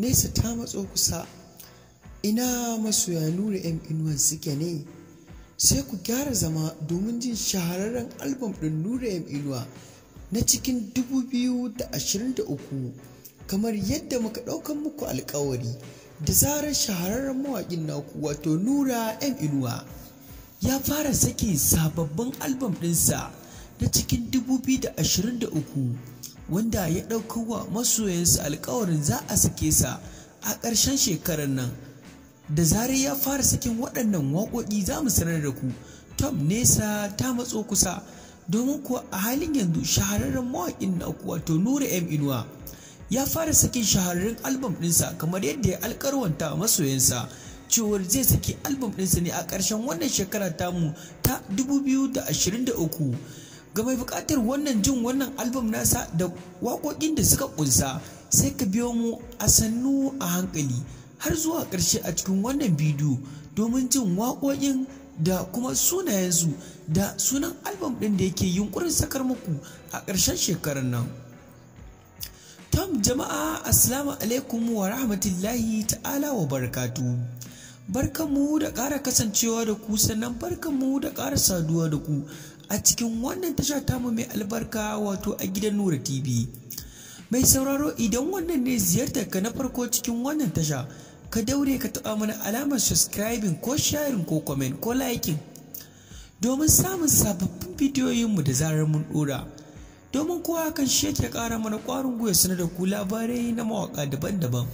nesa ta matso kusa ina masu ya nura yan inuwan suke ne sai ku gyara zama domin jin shahararren albam ɗin nura yan inuwa na cikin 2023 kamar yadda muka ɗaukan muku alkawari da zarar shahararren mawaƙin naku wato nura yan inuwa ya fara sake sababbin albam ɗinsa na cikin 2023 wanda ya ɗauko wa masoyansa alkawarin za a sake sa a ƙarshen shekarar nan da zarar ya fara sakin waɗannan waƙoƙi za mu sanar da ku tom nesa ta matso kusa domin kuwa a halin yanzu shahararren mawaƙin na uku wato nura m inuwa ya fara sakin shahararren albam ɗinsa kamar yadda ya alkarwanta masoyansa cewar zai saki albam ɗinsa ne a ƙarshen wannan shekara tamu ta 2023 ga mai buƙatar wannan jin wannan album nasa da waƙoƙin da suka ƙunsa sai ka biyo mu a sannu a hankali har zuwa ƙarshe a cikin wannan bidiyo domin jin waƙoƙin da kuma sunayensu da sunan album ɗin da yake yunƙurin sakar muku a ƙarshen shekarar nan tom jama'a assalamu alaikum wa rahmatullahi ta'ala wa barakatu barkanmu da ƙara kasancewa da ku sannan barkanmu da ƙara saduwa da ku a cikin wannan tasha tamu mai albarka wato a gidan Nura TV. Mai sauraro idan wannan ne ziyartar ka na farko cikin wannan tasha, ka daure ka taɓa mana alamar subscribing ko sharing ko comment ko liking domin samun sababbin bidiyoyinmu da zarar mun ɗora. Domin kowa kan shi yake ƙara mana kwarin gwiwa sanar da ku labarai na mawaka daban-daban.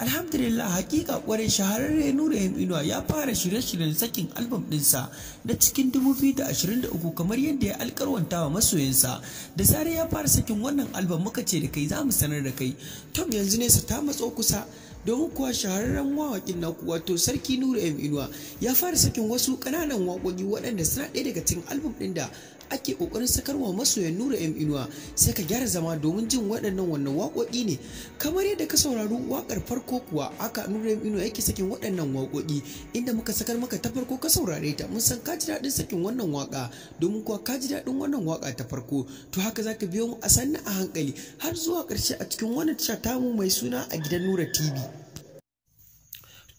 alhamdulillah hakika kwarai shahararre nura inuwa ya fara shirye-shiryen sakin albam dinsa na cikin 2023 kamar yadda ya alkarwanta wa masoyansa da zarar ya fara sakin wannan albam muka ce da kai za mu sanar da kai tom yanzu ne nesa ta matso kusa domin kuwa shahararren mawaƙin na wato sarki nuru m inuwa ya fara sakin wasu kananan waƙoƙi waɗanda suna ɗaya daga cikin album ɗin da ake ƙoƙarin sakarwa masoyan nura m inuwa sai ka gyara zama domin jin waɗannan wannan waƙoƙi ne kamar yadda ka saurari waƙar farko kuwa aka nura m inuwa yake sakin waɗannan waƙoƙi inda muka sakar maka ta farko ka saurare ta mun san ka ji daɗin sakin wannan waƙa domin kuwa ka ji daɗin wannan waƙa ta farko to haka zaka biyo mu a sannu a hankali har zuwa ƙarshe a cikin wannan tasha tamu mai suna a gidan nura tv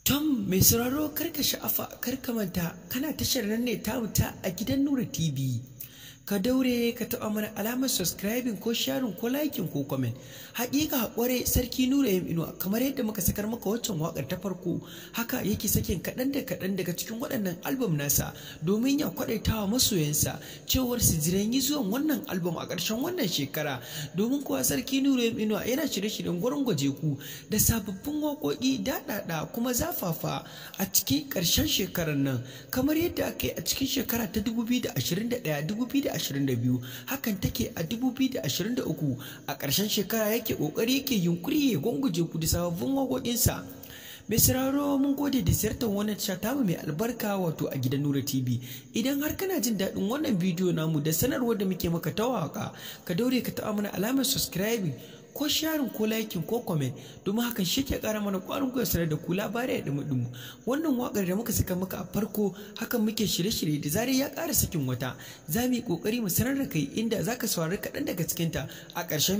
Tom mai sauraro karka sha'afa karka manta kana tashar nan ne ta wuta a gidan Nura TV. ka daure ka taɓa mana alamar subscribing ko sharing ko liking ko comment haƙiƙa haƙware sarki nura yin inuwa kamar yadda muka sakar maka waccan waƙar ta farko haka yake sakin kaɗan da kaɗan daga cikin waɗannan album nasa domin ya kwaɗaitawa masoyansa cewar su jiran yi zuwan wannan album a ƙarshen wannan shekara domin kuwa sarki nura yin inuwa yana shirye-shiryen gurin gwaje ku da sababbin waƙoƙi daɗaɗa kuma zafafa a cikin ƙarshen shekarar nan kamar yadda aka yi a cikin shekara ta 2021 2022 2022 hakan take a 2023 a ƙarshen shekara yake ƙoƙari yake yunkuri ya gunguje kudi sababbin waƙoƙinsa mai sauraro mun gode da ziyartar wannan shata mai albarka wato a gidan Nura TV idan har kana jin daɗin wannan bidiyo namu da sanarwar da muke maka ta waka ka daure ka taɓa mana alamar subscribing ko sharin ko laikin ko comment domin hakan shi ke kara mana kwarin gwiwa sanar da ku labarai da dumu wannan wakar da muka saka maka a farko hakan muke shirye-shirye da zari ya kara sakin wata za mu yi ƙoƙari mu sanar da kai inda za ka saurari kaɗan daga cikinta a ƙarshen